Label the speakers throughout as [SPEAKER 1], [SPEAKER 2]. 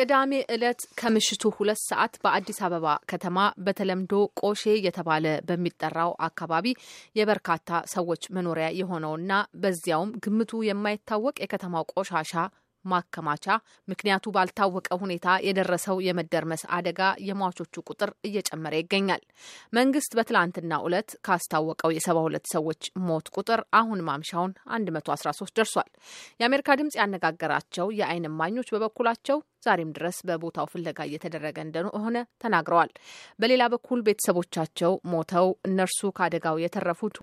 [SPEAKER 1] ቅዳሜ ዕለት ከምሽቱ ሁለት ሰዓት በአዲስ አበባ ከተማ በተለምዶ ቆሼ የተባለ በሚጠራው አካባቢ የበርካታ ሰዎች መኖሪያ የሆነውና በዚያውም ግምቱ የማይታወቅ የከተማው ቆሻሻ ማከማቻ ምክንያቱ ባልታወቀ ሁኔታ የደረሰው የመደርመስ አደጋ የሟቾቹ ቁጥር እየጨመረ ይገኛል። መንግስት በትላንትና ዕለት ካስታወቀው የሰባ ሁለት ሰዎች ሞት ቁጥር አሁን ማምሻውን 113 ደርሷል። የአሜሪካ ድምጽ ያነጋገራቸው የአይን እማኞች በበኩላቸው ዛሬም ድረስ በቦታው ፍለጋ እየተደረገ እንደሆነ ተናግረዋል። በሌላ በኩል ቤተሰቦቻቸው ሞተው እነርሱ ከአደጋው የተረፉት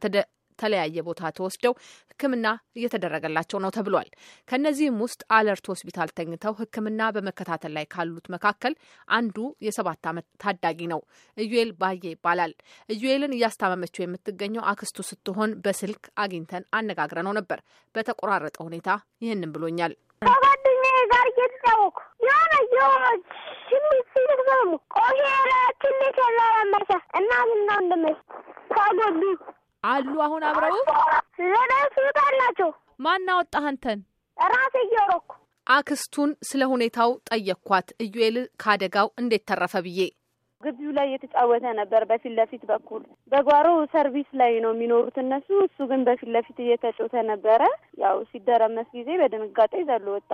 [SPEAKER 1] ተለያየ ቦታ ተወስደው ሕክምና እየተደረገላቸው ነው ተብሏል። ከእነዚህም ውስጥ አለርት ሆስፒታል ተኝተው ሕክምና በመከታተል ላይ ካሉት መካከል አንዱ የሰባት ዓመት ታዳጊ ነው። እዩኤል ባየ ይባላል። እዩኤልን እያስታመመችው የምትገኘው አክስቱ ስትሆን በስልክ አግኝተን ነው ነበር። በተቆራረጠ ሁኔታ ይህንን ብሎኛል።
[SPEAKER 2] ከጓደኛዬ ጋር እየተጫወኩ የሆነ የሆነች ሽሊት ሲልክ ደግሞ ቆሄረ ትልት ያላላመሰ እናትና ወንድሜ ተጎዱ
[SPEAKER 1] አሉ አሁን አብረው
[SPEAKER 2] ስለሱ ታላቸው
[SPEAKER 1] ማን አወጣ አንተን? ራሴ እየሮኩ አክስቱን ስለ ሁኔታው ጠየቅኳት። ኢዩኤል ከአደጋው እንዴት ተረፈ ብዬ
[SPEAKER 2] ግቢው ላይ እየተጫወተ ነበር በፊት ለፊት በኩል። በጓሮ ሰርቪስ ላይ ነው የሚኖሩት እነሱ። እሱ ግን በፊት ለፊት እየተጮተ ነበረ። ያው ሲደረመስ ጊዜ በድንጋጤ ዘሎ ወጣ።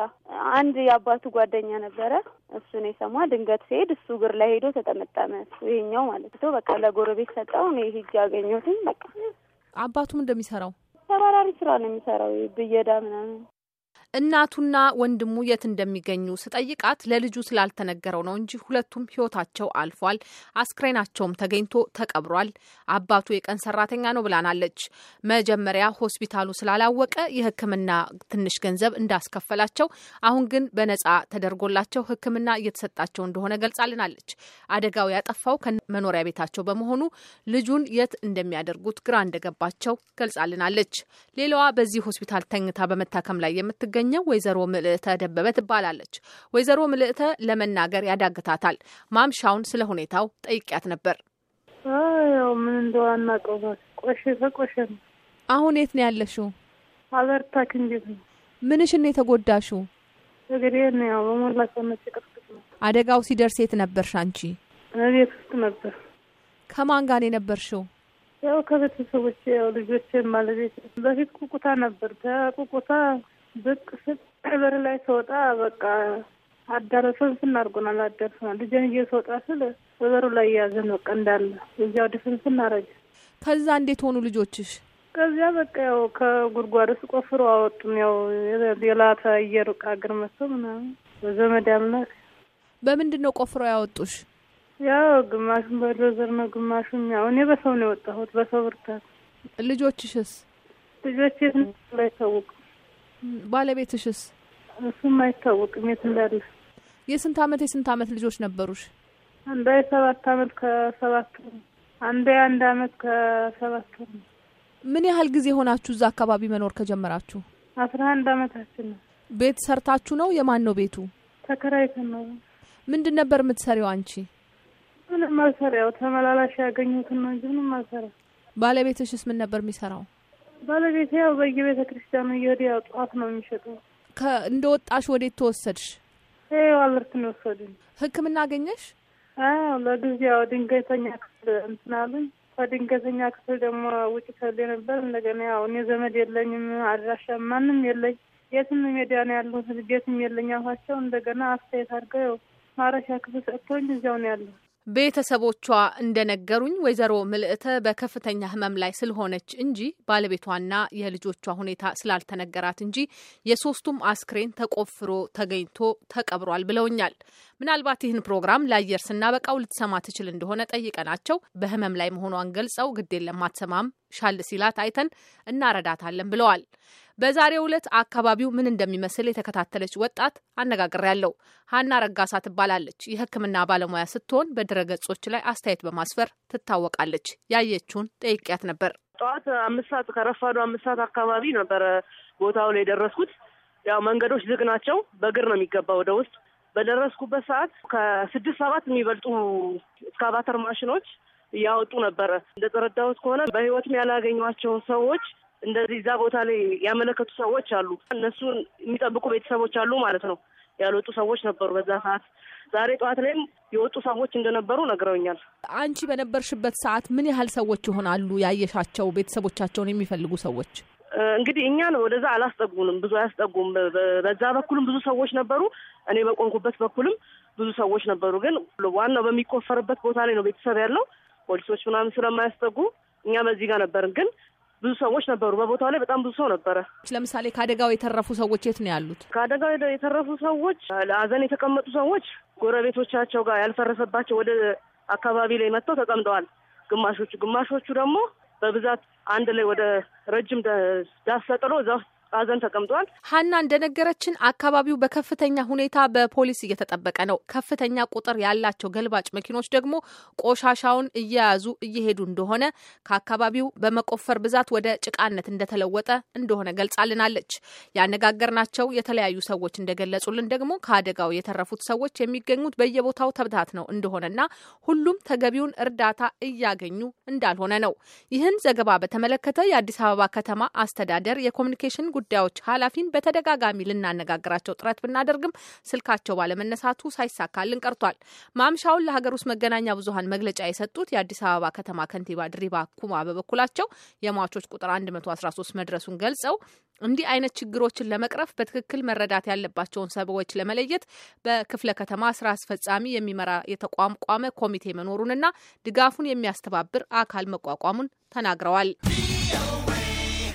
[SPEAKER 2] አንድ የአባቱ ጓደኛ ነበረ፣ እሱን የሰማ ድንገት ሲሄድ እሱ እግር ላይ ሄዶ ተጠመጠመ። እሱ ይሄኛው ማለት ነው። በቃ ለጎረቤት ሰጠው። እኔ ሂጅ ያገኘሁትኝ በቃ አባቱም እንደሚሰራው ተባራሪ ስራ ነው የሚሰራው ብየዳ ምናምን
[SPEAKER 1] እናቱና ወንድሙ የት እንደሚገኙ ስጠይቃት ለልጁ ስላልተነገረው ነው እንጂ ሁለቱም ሕይወታቸው አልፏል፣ አስክሬናቸውም ተገኝቶ ተቀብሯል፣ አባቱ የቀን ሰራተኛ ነው ብላናለች። መጀመሪያ ሆስፒታሉ ስላላወቀ የሕክምና ትንሽ ገንዘብ እንዳስከፈላቸው፣ አሁን ግን በነጻ ተደርጎላቸው ሕክምና እየተሰጣቸው እንደሆነ ገልጻልናለች። አደጋው ያጠፋው ከመኖሪያ ቤታቸው በመሆኑ ልጁን የት እንደሚያደርጉት ግራ እንደገባቸው ገልጻልናለች። ሌላዋ በዚህ ሆስፒታል ተኝታ በመታከም ላይ የምትገ የተገኘው ወይዘሮ ምልእተ ደበበ ትባላለች። ወይዘሮ ምልእተ ለመናገር ያዳግታታል። ማምሻውን ስለ ሁኔታው ጠይቂያት ነበር።
[SPEAKER 3] ያው ምን እንደሆነ አናውቀውም። ቆሸፈ ቆሸፈ። አሁን የት ነው ያለሽው? አበርታ ክንጅት ነው።
[SPEAKER 1] ምንሽን ነው የተጎዳሽው?
[SPEAKER 3] እግሬ ነው ያው በሞላ ሰውነት ቅርቅት
[SPEAKER 1] ነው። አደጋው ሲደርስ የት ነበርሽ አንቺ?
[SPEAKER 3] ቤት ውስጥ ነበር።
[SPEAKER 1] ከማን ጋር ነው የነበርሽው?
[SPEAKER 3] ያው ከቤተሰቦች ያው ልጆቼ፣ ባለቤት በፊት ቁቁታ ነበር። ከቁቁታ ብቅ ስል በር ላይ ስወጣ በቃ አዳረሰን ስናርጎናል አዳርሰናል። ልጄን ይዤ ስወጣ ስል በበሩ ላይ የያዘን በቃ እንዳለ እዚያው ድፍን ስናረግ ከዛ እንዴት ሆኑ ልጆችሽ? ከዚያ በቃ ያው ከጉድጓድ ውስጥ ቆፍሮ አወጡን። ያው ሌላ አየር ሀገር መጥቶ ምናምን በዘመድ አምላክ። በምንድን ነው ቆፍሮ ያወጡሽ? ያው ግማሹን በዶዘር ነው ግማሹም ያው እኔ በሰው ነው የወጣሁት፣ በሰው ብርታት። ልጆችሽስ? ልጆች የት እንዳይታወቁ ባለቤትሽስ? እሱም አይታወቅም የት እንዳለ። የስንት አመት የስንት አመት ልጆች ነበሩሽ? አንዷ የሰባት አመት ከሰባት ወር፣ አንዷ የአንድ አመት ከሰባት ወር። ምን ያህል ጊዜ ሆናችሁ እዛ አካባቢ መኖር ከጀመራችሁ? አስራ አንድ አመታችን ነው። ቤት ሰርታችሁ ነው? የማን ነው ቤቱ? ተከራይተን ነው። ምንድን ነበር የምትሰሪው አንቺ? ምንም አልሰራ፣ ያው ተመላላሽ ያገኙትን ነው እንጂ ምንም አልሰራ። ባለቤትሽስ ምን ነበር የሚሰራው? ባለቤት ያው በየቤተ ክርስቲያኑ እየሄዱ ያው ጠዋት ነው የሚሸጡ። እንደ ወጣሽ ወዴት ተወሰድሽ? አለርት ነው ወሰዱኝ። ህክምና አገኘሽ? ለጊዜው ድንገተኛ ክፍል እንትን አሉኝ። ከድንገተኛ ክፍል ደግሞ ውጭ ሰል ነበር። እንደገና ያው እኔ ዘመድ የለኝም፣ አድራሻ ማንም የለኝ፣ የትም ሜዲያ ነው ያለሁት፣ ቤትም የለኝ አልኳቸው። እንደገና አስተያየት አድርገው ማረሻ ክፍል ሰጥቶኝ እዚያው ነው ያለሁት።
[SPEAKER 1] ቤተሰቦቿ እንደነገሩኝ ወይዘሮ ምልእተ በከፍተኛ ሕመም ላይ ስለሆነች እንጂ ባለቤቷና የልጆቿ ሁኔታ ስላልተነገራት እንጂ የሶስቱም አስክሬን ተቆፍሮ ተገኝቶ ተቀብሯል ብለውኛል። ምናልባት ይህን ፕሮግራም ለአየር ስናበቃው ልትሰማ ትችል እንደሆነ ጠይቀናቸው በህመም ላይ መሆኗን ገልጸው ግዴን ለማትሰማም ሻል ሲላት አይተን እናረዳታለን ብለዋል። በዛሬው ዕለት አካባቢው ምን እንደሚመስል የተከታተለች ወጣት አነጋግሬያለሁ። ሀና ረጋሳ ትባላለች። የሕክምና ባለሙያ ስትሆን በድረ ገጾች ላይ አስተያየት በማስፈር ትታወቃለች። ያየችውን
[SPEAKER 2] ጠይቂያት ነበር። ጠዋት አምስት ሰዓት ከረፋዱ አምስት ሰዓት አካባቢ ነበረ ቦታው ላይ የደረስኩት። ያው መንገዶች ዝግ ናቸው። በእግር ነው የሚገባ ወደ ውስጥ። በደረስኩበት ሰዓት ከስድስት ሰባት የሚበልጡ እስካቫተር ማሽኖች እያወጡ ነበረ። እንደተረዳሁት ከሆነ በህይወትም ያላገኟቸው ሰዎች እንደዚህ እዛ ቦታ ላይ ያመለከቱ ሰዎች አሉ። እነሱን የሚጠብቁ ቤተሰቦች አሉ ማለት ነው። ያልወጡ ሰዎች ነበሩ በዛ ሰዓት። ዛሬ ጠዋት ላይም የወጡ ሰዎች እንደነበሩ ነግረውኛል። አንቺ በነበርሽበት ሰዓት ምን
[SPEAKER 1] ያህል ሰዎች ይሆናሉ ያየሻቸው ቤተሰቦቻቸውን የሚፈልጉ ሰዎች?
[SPEAKER 2] እንግዲህ እኛን ወደዛ አላስጠጉንም፣ ብዙ አያስጠጉም። በዛ በኩልም ብዙ ሰዎች ነበሩ፣ እኔ በቆንኩበት በኩልም ብዙ ሰዎች ነበሩ። ግን ዋናው በሚቆፈርበት ቦታ ላይ ነው ቤተሰብ ያለው። ፖሊሶች ምናምን ስለማያስጠጉ እኛ በዚህ ጋር ነበርን ግን ብዙ ሰዎች ነበሩ። በቦታው ላይ በጣም ብዙ ሰው ነበረ። ለምሳሌ ከአደጋው የተረፉ
[SPEAKER 1] ሰዎች የት ነው ያሉት?
[SPEAKER 2] ከአደጋው የተረፉ ሰዎች ለሀዘን የተቀመጡ ሰዎች ጎረቤቶቻቸው ጋር ያልፈረሰባቸው ወደ አካባቢ ላይ መጥተው ተቀምጠዋል ግማሾቹ ግማሾቹ ደግሞ በብዛት አንድ ላይ ወደ ረጅም ዳስ ተጥሎ እዛ ውስጥ ሀዘን ተቀምጧል።
[SPEAKER 1] ሀና እንደነገረችን አካባቢው በከፍተኛ ሁኔታ በፖሊስ እየተጠበቀ ነው። ከፍተኛ ቁጥር ያላቸው ገልባጭ መኪኖች ደግሞ ቆሻሻውን እየያዙ እየሄዱ እንደሆነ ከአካባቢው በመቆፈር ብዛት ወደ ጭቃነት እንደተለወጠ እንደሆነ ገልጻልናለች። ያነጋገርናቸው የተለያዩ ሰዎች እንደገለጹልን ደግሞ ከአደጋው የተረፉት ሰዎች የሚገኙት በየቦታው ተበታትነው እንደሆነና ሁሉም ተገቢውን እርዳታ እያገኙ እንዳልሆነ ነው። ይህን ዘገባ በተመለከተ የአዲስ አበባ ከተማ አስተዳደር የኮሚኒኬሽን ጉዳዮች ኃላፊን በተደጋጋሚ ልናነጋግራቸው ጥረት ብናደርግም ስልካቸው ባለመነሳቱ ሳይሳካልን ቀርቷል። ማምሻውን ለሀገር ውስጥ መገናኛ ብዙኃን መግለጫ የሰጡት የአዲስ አበባ ከተማ ከንቲባ ድሪባ ኩማ በበኩላቸው የሟቾች ቁጥር 113 መድረሱን ገልጸው እንዲህ አይነት ችግሮችን ለመቅረፍ በትክክል መረዳት ያለባቸውን ሰዎች ለመለየት በክፍለ ከተማ ስራ አስፈጻሚ የሚመራ የተቋቋመ ኮሚቴ መኖሩንና ድጋፉን የሚያስተባብር አካል መቋቋሙን ተናግረዋል።